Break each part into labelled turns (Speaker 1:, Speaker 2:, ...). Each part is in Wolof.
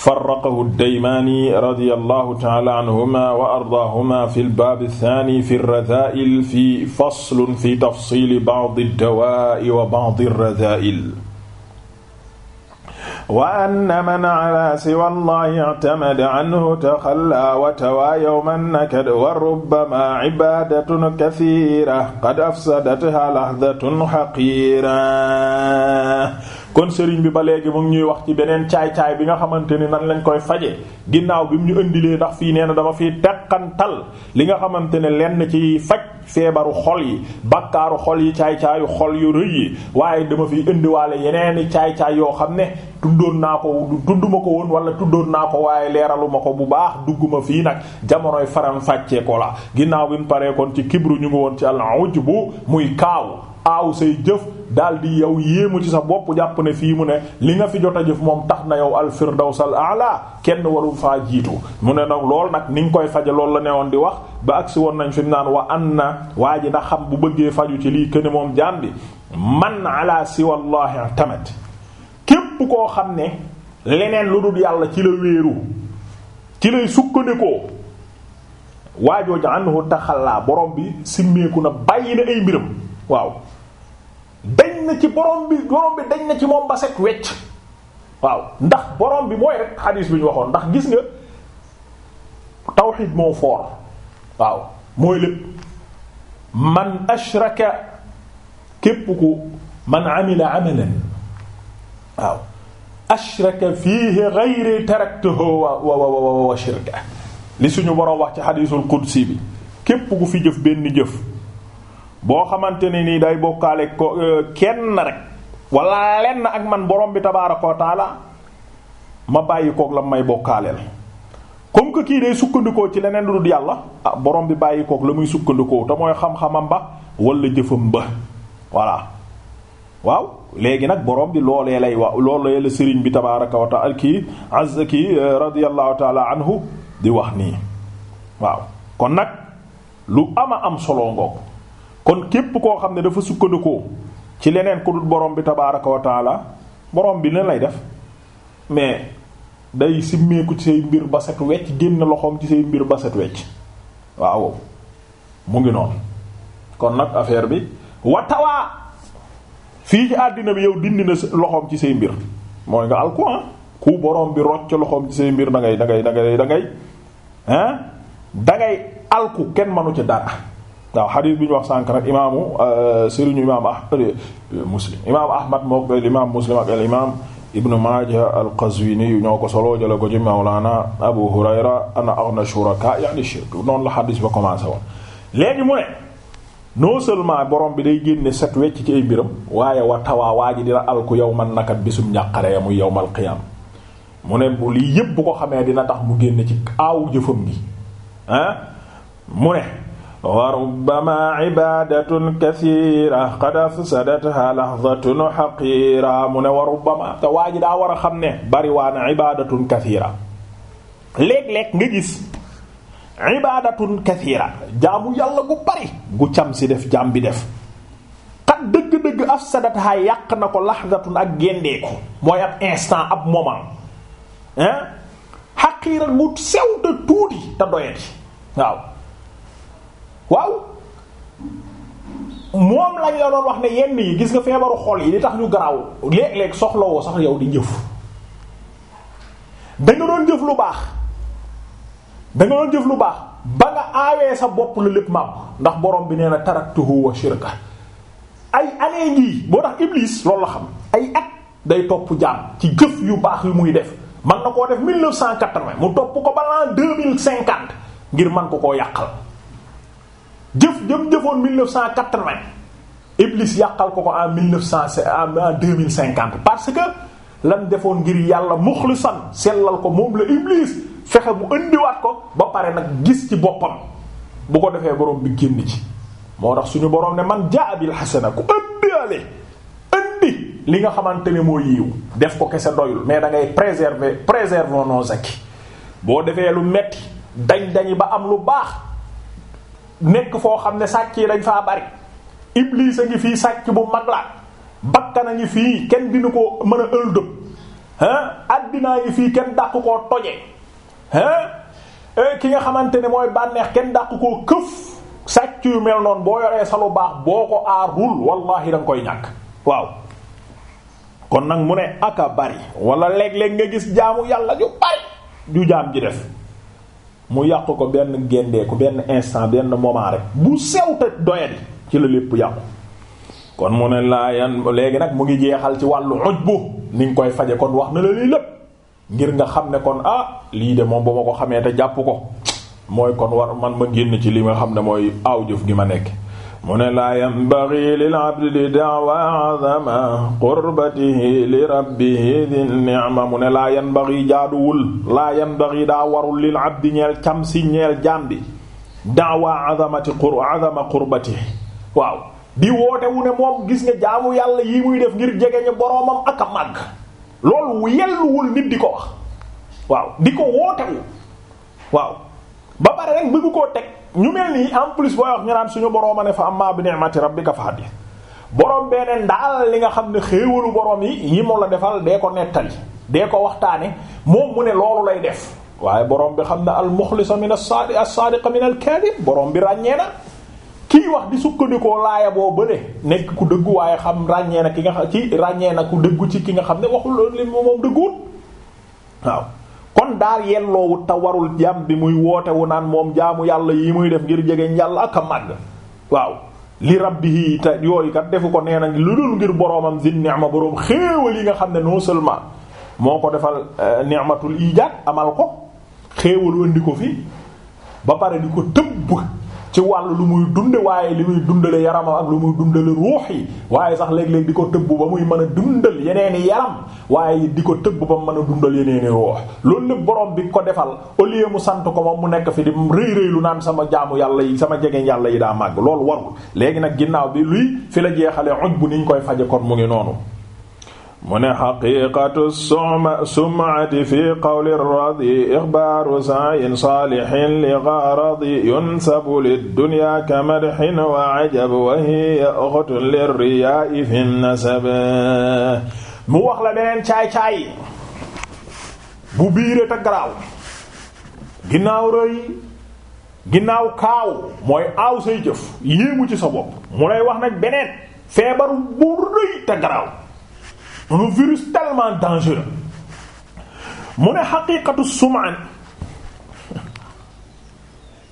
Speaker 1: farraqahu ad-Daymaani radiyallahu ta'ala anhuma wa ardaahuma fi al-baab ath-thaani fi ar-radhaa'il fi faslun fi tafsiili ba'd ad-dawaa'i wa ba'd ar-radhaa'il wa anna man ala siwa allahi i'tamada anhu taxallaa wa tawaa yawman nakad wa rubbama ibaadatun kathiira qad afsadathaa lahdatun haqiira kon sëriñ bi ba léegi mu ngi ñuy wax ci beneen caay-caay bi nga xamante ni nan lañ koy faje ginnaaw bi mu ñu indilee ndax fii nee na dama fiy teqantal li nga xamante ne lenn ci faj feebaru xol yi bakkaaru xol yi caay-caayu xol yu rëy yi waaye dama fiy indiwaale yeneeni caay-caay yoo xam ne tuddoon naa ko tudduma ko woon wala tuddoon naa ko waaye leeraluma ko bu baax dugguma fii nag jamonoy faram fàccee la ginnaaw bi mu paree koon ci kibru ñu ngi woon ci al ujbu muy kaaw aaw say jëf daal di yow yéemu ci sa bopp jàpp ne fii mu ne li nga fi jot a jëf moom tax na yow alfirdawsal ala kenn waru faa jiitu mu ne nag lool nag ni nga koy faje loolu ne woon di wax ba agsi woon nañ fi naan wa an na waa ji na xam bu bëggee faju ci lii këne moom jaam bi man ala siwallahi tamat képp koo xam ne leneen lu dul yàlla ci la wéeru ci lay sukkandikoo waajooju anhu taxallaa borom bi simmeeku na bàyyi na ay mbiram waaw dañ na ci borom bi borom bi dañ na ci moom ba set wecc waaw ndax borom bi mooy rek xadiis bi ñu waxoon ndax gis nga tawxiid moo foor waaw mooy lépp man ashraka képp ku man amila amalan waaw ashraka fiihi ghayri taraktuhu wa wa wa wa shirka li suñu borom wax ci xadiisul qudsi bi képp ku fi jëf benn jëf boo xamante ne nii day bokkaale ko euh, kenn rek walla lenn ak man borom bi tabaaraka wa ma bàyyi kook la may bokkaaleel comme que kii day sukkandikoo ci leneen lu dul yàlla ah borom bi bàyyi koog la muy sukkandikoo te mooy xam-xamam ba wala jëfam ba voilà waaw léegi nag borom bi loolee lay wax loolee la sëriñ bi tabaaraka wa taala kii azza kii euh, radiyallahu taala anhu di wax nii waaw kon nag lu ama am solo ngoog kon képp koo xam ne dafa sukkandikoo ci leneen ku dul borom bi tabaaraka wa taala borom bi ne lay def mais day simmeeku ci say mbir ba set wecc génn loxoom ci say mbir ba waaw mu ngi noonu kon nag affaire bi watawaa fii ci àddina bi yow dindi na loxoom ci say mbir mooy nga alquran ah, ku borom bi rocc loxoom ci say mbir da dangay da dangay da ngay da ngay ah, da alku kenn manu ci dara waaw xadiis bi ñu wax sànk nag imaamu euh, sëriñu imaam euh, ahmad muslim imaam ahmad moo ko imaam muslim ak al imaam ibnu maaja al qazwini yu ñoo ko soloo jële ko ci mawlaana abu hurayra ana aghna shuraka yani shirk noonu la xadiis ba commencé woon léegi mu ne non seulement borom bi day génne set wecc ci ay mbiram waaye wa tawaa waa ji dina alku yawman nakat bisum njàqare ya muy yawmal qiyaam mu ne bu lii yépp bu ko xamee dina tax mu génne ci aawu jëfam wa rubbama ibadatun kathira qad afsadatha lahdatun haqira mu ne wa rubbama te waa ji daa war a xam ne bari waana ibadatun kathira léeg-léeg nga gis ibadatun kathira jaamu yàlla gu bari gu cam si def jaam bi def xat dëgg-dëgg afsadatha yàq na ko lahdatun ak géndeeku mooy ab instant ab moment hein haqiira ngut sew te tuuti te doyati waaw waaw moom lañ la wax ne yenn yi gis nga feebaru xol yi li tax ñu garaaw léeg-léeg soxlawoo sax yow di jëf danga nga doon jëf lu baax da nga doon jëf lu baax ba nga aawee sa bopp la lépp màpp ndax borom bi nee na taraktuhu wa shirka ay anee ngii boo tax Iblis loolu la xam ay at day topp jaam ci jëf yu baax yu muy def man na koo def 1980 mu topp ko ba l'an 2050 ngir man ko koo yàqal jëf jëm jëfoon 1980 Iblis yàqal ko ko en 1900 en 2050 parce que lan defoon ngir yàlla muxlisan sellal ko moom la Iblis fexe bu indiwaat ko ba pare nag gis ci boppam bu ko defee borom bi génn ci. moo tax suñu borom ne man jaa bil hasana ku ëndiwaale indi li nga xamante ne moo yiiw def ko kese doyul mais da ngay préserver préservons nos acquis boo defee lu metti dañ dañi ba am lu baax. nekk foo xam ne sàcc yi dañ fa bari iblis a ngi fii sàcc bu mag laa bakkan a ngi fii kenn dina ko mën a ëldëb ah addinaa ngi fii kenn dàq koo toje ah ki nga xamante ne mooy bànneex kenn dàq koo këf sàcc yu mel noonu boo yoree sa lu baax boo ko aarul wallahi da nga koy ñàkk waaw kon nag mu ne aka bari wala léeg-léeg nga gis jaamu yàlla ju bari ju jaam ji def mu yàq ko benn gendeeku benn instant benn moment rek bu sewta doyadi ci la lépp yàqu kon mu ne laa yan léegi nag mu ngi jeexal ci wàllu bu ni nga koy faje kon wax na la lii lépp ngir nga xam ne kon ah lii de moom ba ma ko xamee te jàpp ko mooy kon war man ma génn ci li nga xam ne mooy aaw jëf gi ma nekk mu ne laa yanbaghi lil abdi da'wa azama qurbatihi li rabbihi di ni'ma ne laa yanbaghi jaaduwul laa yanbaghi daa warul lil abdi ñeel cam ñeel jaam bi da'wa azamati qur azama qurbatihi waaw di woote ne moom gis nga jaamu yàlla yi muy def ngir jege ñu boroomam ak a loolu yelluwul nit di ko wax waaw di ko wootewu waaw ba pare rek bëgg koo teg ñu mel nii en plus booy wax ñu naan suñu borooma ne fa amma bi ni'mati rabbika fa hadith borom beneen daal li nga xam ne xéewalu borom yi yi mu la defal dee ko nettali dee ko waxtaane moom mu ne loolu lay def waaye borom bi xam ne al muxlisa min as-sadiq as-sadiq min al-kadhib borom bi ràññee na kii wax di sukkandikoo laaya boo bële nekk ku dëggu waaye xam ràññee na ki nga xam ci ràññee na ku dëggu ci ki nga xam ne waxul li moom dëgguwul waaw kon daal yelloowu te warul jàmm bi muy wootewu naan moom jaamu yàlla yi muy def ngir jege yàlla ak a màgg waaw li rabbihi te yooyu kat defu ko nee na lu dul ngir boroomam zin ma boroom xéewal yi nga xam ne non seulement moo ko defal euh, ni'matul ijaad amal ko xéewal di ko fi ba pare di ko tëbb ci wàll lu muy dunde waaye li muy dundale yaramam ak lu muy dundale ruux yi waaye sax léeg-léeg di ko tëbb ba muy mën a dundal yeneeni yaram waaye di ko tëbb ba mën a dundal yeneeni ruux loolu lépp borom bi ko defal au lieu mu sant ko moom mu nekk fi di rëy rëy lu naan sama jaamu yàlla yi sama jegeñ yàlla yi daa màgg loolu warul léegi nag ginnaaw bi luy fi la jeexale oj bu ñu koy faje kon mu ngi noonu mu ne xaqiqatu suma sumati fi qawli radi ixbaaru saayin saalihin li garadi yunsabu liddunya kamadxin wa ajab wa hiya oxtun lirriyaa'i fi nasab mu wax la beneen caay-caay bu biire te garaaw ginnaaw rëy ginnaaw kaaw mooy aaw say jëf yéemu ci sa bopp mu lay wax nag beneen feebaru bu rëy te garaaw un virus tellement dangereux mu ne xaqiqatu sumaan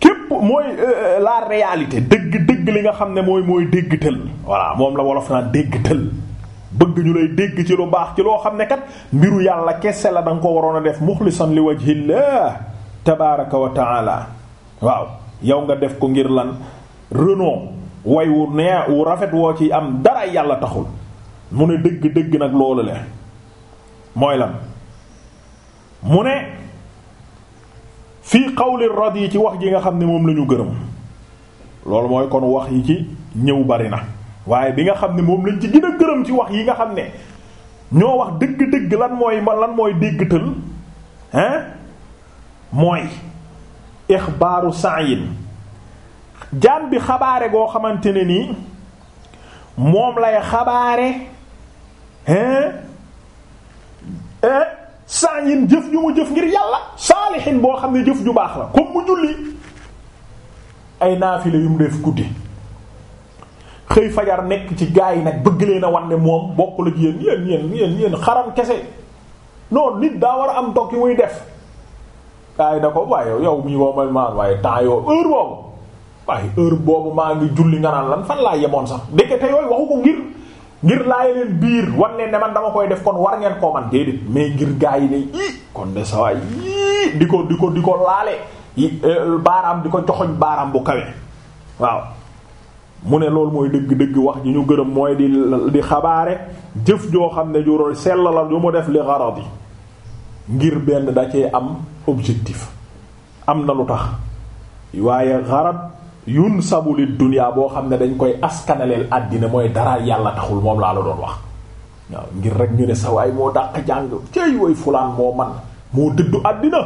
Speaker 1: képp mooy euh, euh, la réalité dëgg dëgg li nga xam ne mooy mooy dégg tël voilà moom la wolof naa dégg tël bëgg ñu lay dégg ci lu baax ci loo xam ne kat mbiru yàlla kese la da ko waroon a def muxlisan li wajhillah tabaraka wa waaw yow nga def ko ngir lan reno way wu nee wu rafet woo ci am dara yàlla taxul mu ne dëgg dëgg nag loolu la mooy lan mu ne fii qawli rad yi ci wax ji nga xam ne moom lañu gërëm loolu mooy kon wax yi ci ñëw bari na waaye bi nga xam ne moom lañ ci gën a gërëm ci wax yi nga xam ne ñoo wax dëgg-dëgg lan mooy lan mooy déggtal hein mooy ixbaaru sa'yin jaan bi xabaare goo xamante ne nii moom lay xabaare Eh? saañin jëf ju mu jëf ngir yàlla saalihin boo xam ne jëf ju baax la comme mu julli ay naafile yu mu def guddi xëy fajar nekk ci gaa yi nag bëgg leen a wan ne moom bokkul ak yéen yen yéen yéen yéen xaram kese non nit daa war a am dog yu muy def gaa yi na ko waaye yow mii boo may waaye temps yoo heure boobu waaye heure boobu maa ngi julli nga naan lan fan laa yemoon sax ndekete yooyu waxu ko ngir ngir laaj leen biir wan leen ne man dama koy def kon war ngeen koo man déedéet mais ngir gaa yi ne ii kon de di ko di ko di ko laale euh, baaraam di ko joxoñ baaraam bu kawe waaw mu ne loolu mooy dëgg-dëgg wax ji ñu gërëm mooy di xabaare jëf joo xam ne juro sell la ju mu def li garadi ngir benn da cee am objectif am na lu tax waaye garad yun sabuli dunya boo xam ne dañ koy askanaleel àddina mooy dara yàlla taxul moom laa la doon wax waaw ngir rek ñu ne sa waay moo dàq jàng cey woy fulaan moo man moo dëddu àddina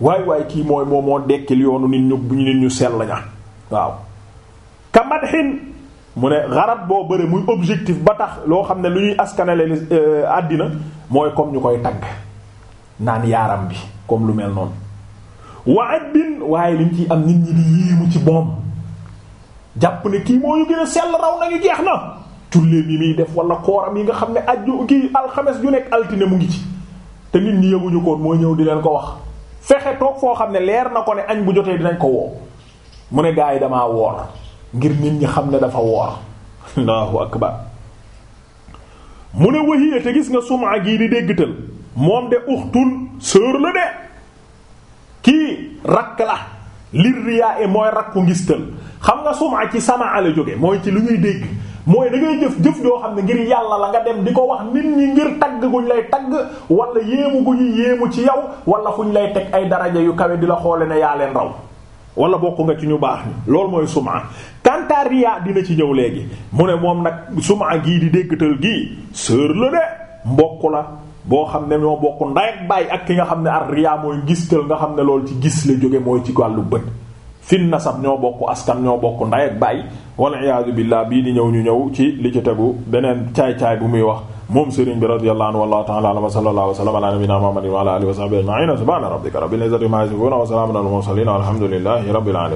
Speaker 1: waay waay kii mooy moom moo dekkil yoonu nit ñu bu ñu ñu sell ña waaw ka madhin mu ne xarat boo bari muy objectif ba tax loo xam ne lu ñuy askanaleel euh, àddina mooy comme ñu koy tagg naan yaaram bi comme lu mel noonu waaj bin waaye liñ ci am nit ñi di yéemu ci moom jàpp ne kii moo ñu gën a sell raw nañu jeex na tulleem yi muy def wala kooram yi nga xam ne ajju kii alxemes ju nekk altine mu ngi ci te nit ñi yëguñu koon moo ñëw di leen ko wax fexe toog foo xam ne leer na ko ne añ bu jotee dinañ ko woo mu ne gaa yi dama woor ngir nit ñi xam ne dafa woor allahu akbar mu ne wahiya te gis nga sumaa gii di déggtal moom de uxtun sœur la de rakk la lir riyaa e mooy rakku ngistal xam nga suma ci sama ale jóge mooy ci lu ñuy dégg mooy da ngay jëf jëf joo xam ne ngir yàlla la nga dem di ko wax nit ñi ngir tagg guñ lay tagg wala yéemu gu ñu yéemu ci yow wala fuñ lay teg ay daraja yu kawe di la xoole ne yaa leen raw wala bokk nga ci ñu baax ni loolu mooy suma kanta riyaa dina ci ñëw léegi mu ne moom nag suma gii di déggtal gii sër la de mbokk la boo xam ne ñoo bokk nday ak bàyyi ak ki nga xam ne ar riyaa mooy ngistal nga xam ne loolu ci gis la jóge mooy ci wàllu bët fin nasab ñoo bokk askan ñoo bokk nday ak bàyyi wal iyaadu billah bii di ñëw ñu ñëw ci li ci tegu beneen caay-caay bu muy wax moom sëriñ bi radiyallahu anhu wallahu ta'ala a'lam wa sallallahu wa sallama ala nabiyyina muhammadin wa ala alihi wa sahbihi ajma'in subhana rabbika rabbil izzati ma yasifun wa salamun alal mursalin walhamdulillahi rabbil alamin